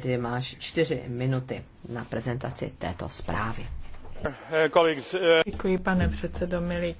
tedy máš čtyři minuty na prezentaci této zprávy. Eh, eh, Děkuji, pane předsedo, milí